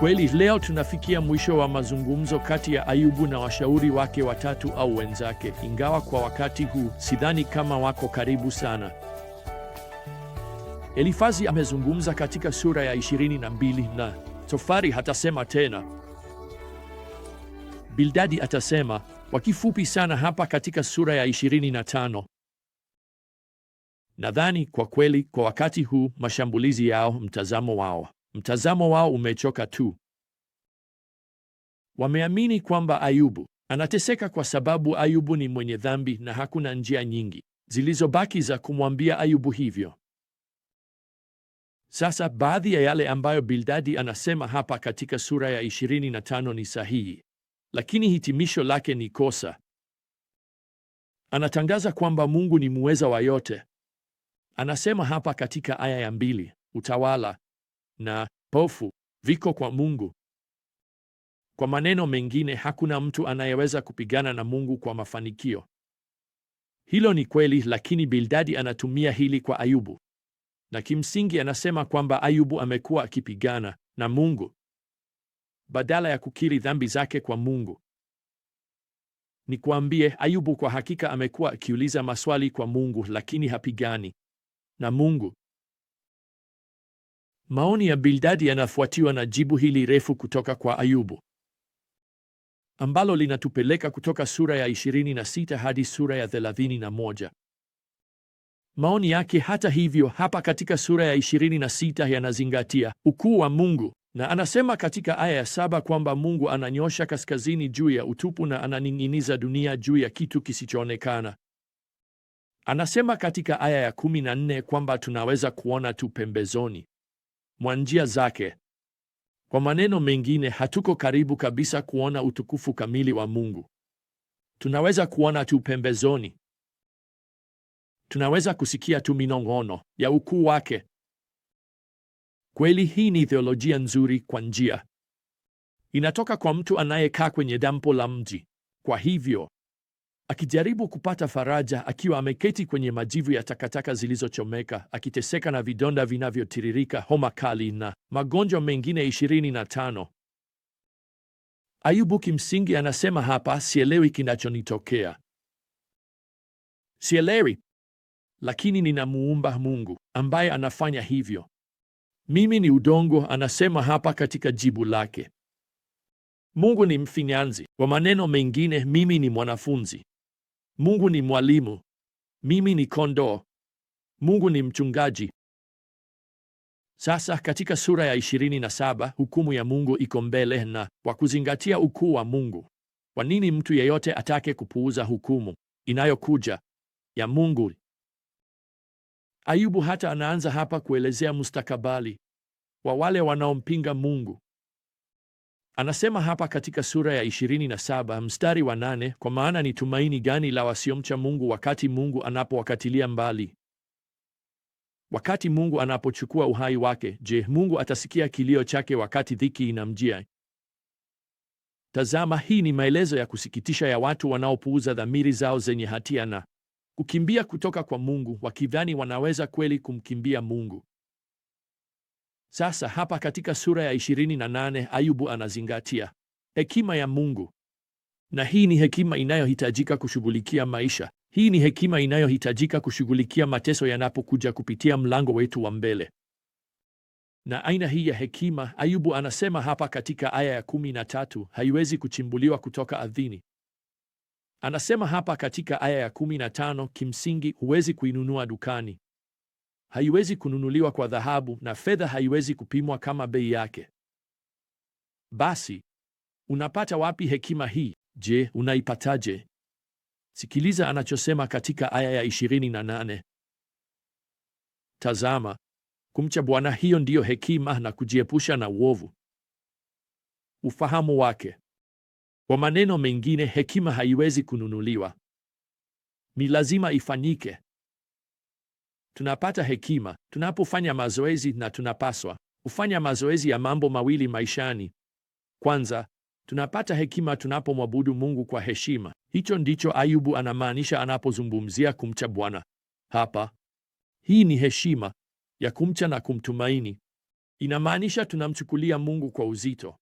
Kweli leo tunafikia mwisho wa mazungumzo kati ya Ayubu na washauri wake watatu au wenzake, ingawa kwa wakati huu sidhani kama wako karibu sana. Elifazi amezungumza katika sura ya 22 na tofari hatasema tena. Bildadi atasema kwa kifupi sana hapa katika sura ya 25. Nadhani kwa kweli kwa wakati huu mashambulizi yao, mtazamo wao Mtazamo wao umechoka tu. Wameamini kwamba Ayubu anateseka kwa sababu Ayubu ni mwenye dhambi na hakuna njia nyingi zilizobaki za kumwambia Ayubu hivyo. Sasa baadhi ya yale ambayo Bildadi anasema hapa katika sura ya 25 ni sahihi, lakini hitimisho lake ni kosa. Anatangaza kwamba Mungu ni muweza wa yote. Anasema hapa katika aya ya mbili, utawala na pofu viko kwa Mungu. Kwa maneno mengine, hakuna mtu anayeweza kupigana na Mungu kwa mafanikio. Hilo ni kweli, lakini Bildadi anatumia hili kwa Ayubu, na kimsingi anasema kwamba Ayubu amekuwa akipigana na Mungu badala ya kukiri dhambi zake kwa Mungu. Nikwambie, Ayubu kwa hakika amekuwa akiuliza maswali kwa Mungu, lakini hapigani na Mungu. Maoni ya Bildadi yanafuatiwa na jibu hili refu kutoka kwa Ayubu ambalo linatupeleka kutoka sura ya 26 hadi sura ya 31. Maoni yake, hata hivyo, hapa katika sura ya 26 yanazingatia ukuu wa Mungu, na anasema katika aya ya saba kwamba Mungu ananyosha kaskazini juu ya utupu na ananing'iniza dunia juu ya kitu kisichoonekana. Anasema katika aya ya 14 kwamba tunaweza kuona tu pembezoni mwa njia zake. Kwa maneno mengine, hatuko karibu kabisa kuona utukufu kamili wa Mungu. Tunaweza kuona tu pembezoni. Tunaweza kusikia tu minong'ono ya ukuu wake. Kweli hii ni theolojia nzuri kwa njia. Inatoka kwa mtu anayekaa kwenye dampo la mji. Kwa hivyo akijaribu kupata faraja akiwa ameketi kwenye majivu ya takataka zilizochomeka, akiteseka na vidonda vinavyotiririka, homa kali na magonjwa mengine 25. Ayubu kimsingi anasema hapa, sielewi kinachonitokea, sielewi, lakini nina muumba Mungu ambaye anafanya hivyo. Mimi ni udongo, anasema hapa katika jibu lake. Mungu ni mfinyanzi. Kwa maneno mengine, mimi ni mwanafunzi Mungu ni mwalimu, mimi ni kondoo. Mungu ni mchungaji. Sasa katika sura ya 27 hukumu ya Mungu iko mbele, na kwa kuzingatia ukuu wa Mungu, kwa nini mtu yeyote atake kupuuza hukumu inayokuja ya Mungu? Ayubu hata anaanza hapa kuelezea mustakabali wa wale wanaompinga Mungu. Anasema hapa katika sura ya 27 mstari wa 8, kwa maana ni tumaini gani la wasiomcha Mungu wakati Mungu anapowakatilia mbali? Wakati Mungu anapochukua uhai wake, je, Mungu atasikia kilio chake wakati dhiki inamjia? Tazama, hii ni maelezo ya kusikitisha ya watu wanaopuuza dhamiri zao zenye hatia na kukimbia kutoka kwa Mungu, wakidhani wanaweza kweli kumkimbia Mungu. Sasa hapa katika sura ya 28 Ayubu anazingatia hekima ya Mungu, na hii ni hekima inayohitajika kushughulikia maisha. Hii ni hekima inayohitajika kushughulikia mateso yanapokuja kupitia mlango wetu wa mbele. Na aina hii ya hekima, Ayubu anasema hapa katika aya ya 13, haiwezi kuchimbuliwa kutoka ardhini. Anasema hapa katika aya ya 15, kimsingi huwezi kuinunua dukani haiwezi kununuliwa kwa dhahabu na fedha haiwezi kupimwa kama bei yake. Basi unapata wapi hekima hii? Je, unaipataje? Sikiliza anachosema katika aya ya 28: Tazama, kumcha Bwana hiyo ndiyo hekima, na kujiepusha na uovu ufahamu wake. Kwa maneno mengine, hekima haiwezi kununuliwa, ni lazima ifanyike tunapata hekima tunapofanya mazoezi, na tunapaswa kufanya mazoezi ya mambo mawili maishani. Kwanza, tunapata hekima tunapomwabudu Mungu kwa heshima. Hicho ndicho Ayubu anamaanisha anapozungumzia kumcha Bwana hapa. Hii ni heshima ya kumcha na kumtumaini. Inamaanisha tunamchukulia Mungu kwa uzito.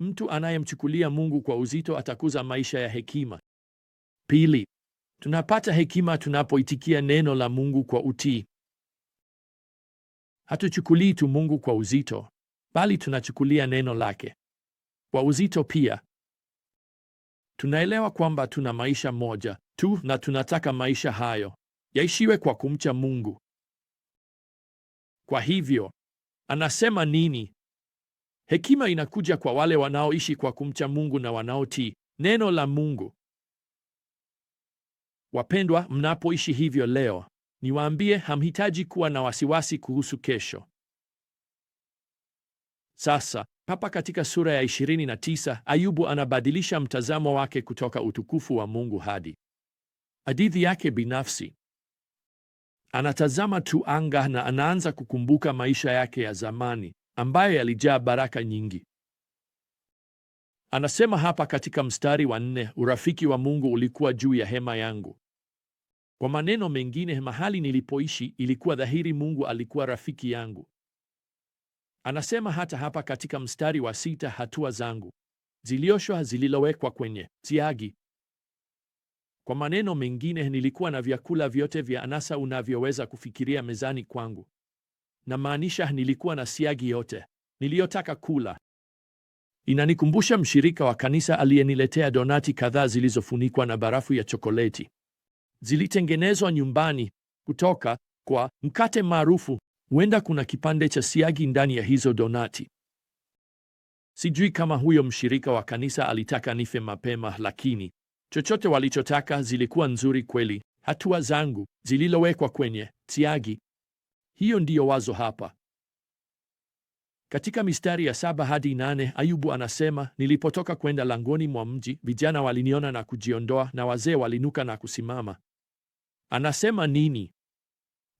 Mtu anayemchukulia Mungu kwa uzito atakuza maisha ya hekima. Pili, Tunapata hekima tunapoitikia neno la Mungu kwa utii. Hatuchukulii tu Mungu kwa uzito, bali tunachukulia neno lake kwa uzito pia. Tunaelewa kwamba tuna maisha moja tu na tunataka maisha hayo yaishiwe kwa kumcha Mungu. Kwa hivyo anasema nini? Hekima inakuja kwa wale wanaoishi kwa kumcha Mungu na wanaotii neno la Mungu. Wapendwa, mnapoishi hivyo leo, niwaambie hamhitaji kuwa na wasiwasi kuhusu kesho. Sasa hapa katika sura ya 29 Ayubu anabadilisha mtazamo wake kutoka utukufu wa Mungu hadi hadithi yake binafsi. Anatazama tu anga na anaanza kukumbuka maisha yake ya zamani ambayo yalijaa baraka nyingi. Anasema hapa katika mstari wa nne, urafiki wa Mungu ulikuwa juu ya hema yangu. Kwa maneno mengine, mahali nilipoishi ilikuwa dhahiri Mungu alikuwa rafiki yangu. Anasema hata hapa katika mstari wa sita, hatua zangu zilioshwa zililowekwa kwenye siagi. Kwa maneno mengine, nilikuwa na vyakula vyote vya anasa unavyoweza kufikiria mezani kwangu. Namaanisha, nilikuwa na siagi yote niliyotaka kula. Inanikumbusha mshirika wa kanisa aliyeniletea donati kadhaa zilizofunikwa na barafu ya chokoleti zilitengenezwa nyumbani kutoka kwa mkate maarufu. Huenda kuna kipande cha siagi ndani ya hizo donati. Sijui kama huyo mshirika wa kanisa alitaka nife mapema, lakini chochote walichotaka zilikuwa nzuri kweli. Hatua zangu zililowekwa kwenye siagi. Hiyo ndiyo wazo hapa. Katika mistari ya saba hadi nane Ayubu anasema, nilipotoka kwenda langoni mwa mji, vijana waliniona na kujiondoa, na wazee walinuka na kusimama Anasema nini?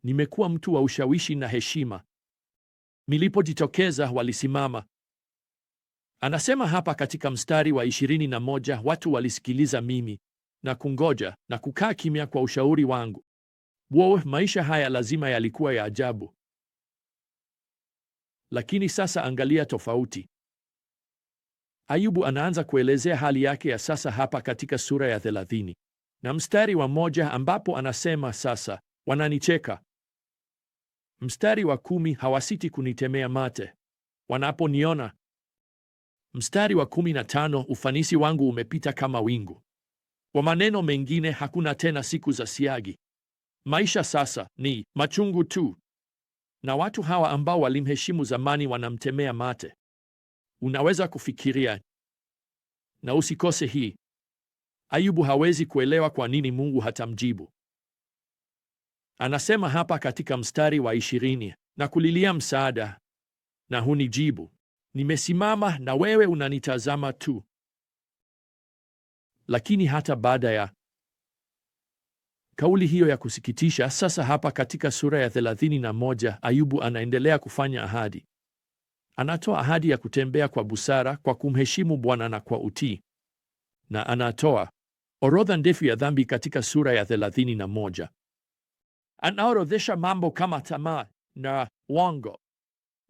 Nimekuwa mtu wa ushawishi na heshima. Nilipojitokeza walisimama. Anasema hapa katika mstari wa ishirini na moja, watu walisikiliza mimi na kungoja na kukaa kimya kwa ushauri wangu. Wow, maisha haya lazima yalikuwa ya ajabu. Lakini sasa angalia tofauti. Ayubu anaanza kuelezea hali yake ya sasa hapa katika sura ya na mstari wa moja ambapo anasema sasa wananicheka. Mstari wa kumi hawasiti kunitemea mate wanaponiona. Mstari wa kumi na tano ufanisi wangu umepita kama wingu. Kwa maneno mengine, hakuna tena siku za siagi. Maisha sasa ni machungu tu, na watu hawa ambao walimheshimu zamani wanamtemea mate. Unaweza kufikiria, na usikose hii. Ayubu hawezi kuelewa kwa nini Mungu hatamjibu. Anasema hapa katika mstari wa ishirini, na kulilia msaada na hunijibu, nimesimama na wewe unanitazama tu. Lakini hata baada ya kauli hiyo ya kusikitisha, sasa hapa katika sura ya 31 Ayubu anaendelea kufanya ahadi. Anatoa ahadi ya kutembea kwa busara, kwa kumheshimu Bwana na kwa utii, na anatoa orodha ndefu ya dhambi katika sura ya 31. na Anaorodhesha mambo kama tamaa na wongo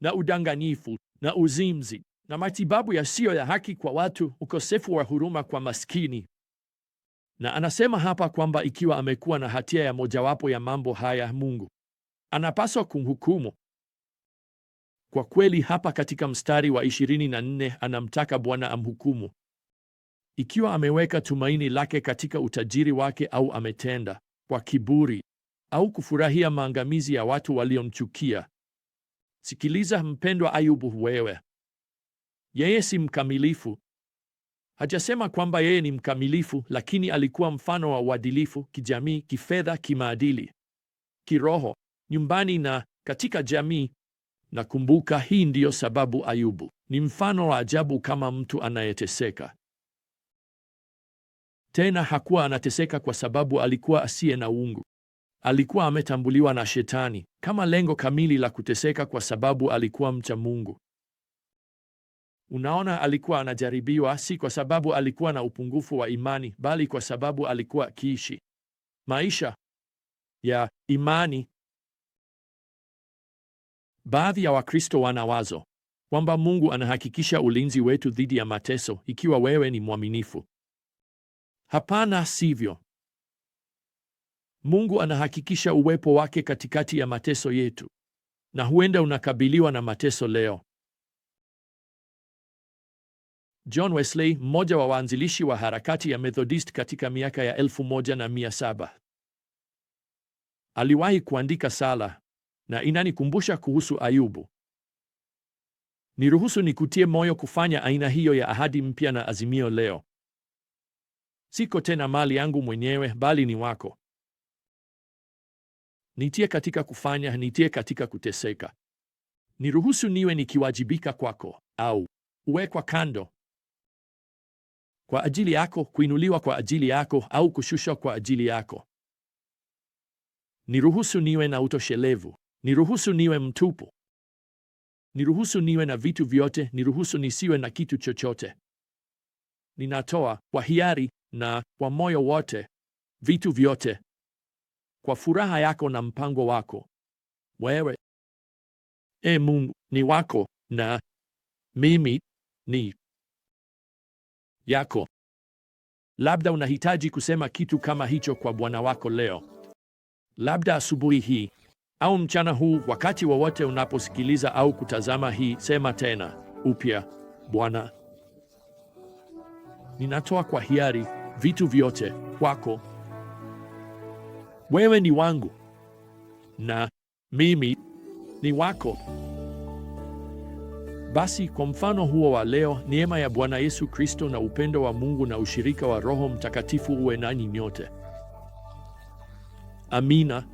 na udanganyifu na uzimzi na matibabu yasiyo ya haki kwa watu, ukosefu wa huruma kwa maskini. Na anasema hapa kwamba ikiwa amekuwa na hatia ya mojawapo ya mambo haya, Mungu anapaswa kumhukumu. Kwa kweli, hapa katika mstari wa 24 anamtaka Bwana amhukumu ikiwa ameweka tumaini lake katika utajiri wake au ametenda kwa kiburi au kufurahia maangamizi ya watu waliomchukia. Sikiliza mpendwa Ayubu, wewe, yeye si mkamilifu. Hajasema kwamba yeye ni mkamilifu, lakini alikuwa mfano wa uadilifu kijamii, kifedha, kimaadili, kiroho, nyumbani na katika jamii. Nakumbuka, hii ndiyo sababu Ayubu ni mfano wa ajabu kama mtu anayeteseka tena hakuwa anateseka kwa sababu alikuwa asiye na uungu. Alikuwa ametambuliwa na Shetani kama lengo kamili la kuteseka kwa sababu alikuwa mcha Mungu. Unaona, alikuwa anajaribiwa si kwa sababu alikuwa na upungufu wa imani, bali kwa sababu alikuwa akiishi maisha ya imani. Baadhi ya Wakristo wana wazo kwamba Mungu anahakikisha ulinzi wetu dhidi ya mateso ikiwa wewe ni mwaminifu. Hapana, sivyo. Mungu anahakikisha uwepo wake katikati ya mateso yetu, na huenda unakabiliwa na mateso leo. John Wesley, mmoja wa waanzilishi wa harakati ya Methodist katika miaka ya 1700, aliwahi kuandika sala na inanikumbusha kuhusu Ayubu. Niruhusu nikutie moyo kufanya aina hiyo ya ahadi mpya na azimio leo. Siko tena mali yangu mwenyewe, bali ni wako. Nitie katika kufanya, nitie katika kuteseka. Niruhusu niwe nikiwajibika kwako, au uwekwa kando kwa ajili yako, kuinuliwa kwa ajili yako, au kushushwa kwa ajili yako. Niruhusu niwe na utoshelevu, niruhusu niwe mtupu, niruhusu niwe na vitu vyote, niruhusu nisiwe na kitu chochote. Ninatoa kwa hiari na kwa moyo wote vitu vyote kwa furaha yako na mpango wako wewe, E Mungu, ni wako na mimi ni yako. Labda unahitaji kusema kitu kama hicho kwa Bwana wako leo, labda asubuhi hii au mchana huu, wakati wowote unaposikiliza au kutazama hii, sema tena upya: Bwana, ninatoa kwa hiari vitu vyote kwako, wewe ni wangu na mimi ni wako. Basi kwa mfano huo wa leo, neema ya Bwana Yesu Kristo na upendo wa Mungu na ushirika wa Roho Mtakatifu uwe nanyi nyote. Amina.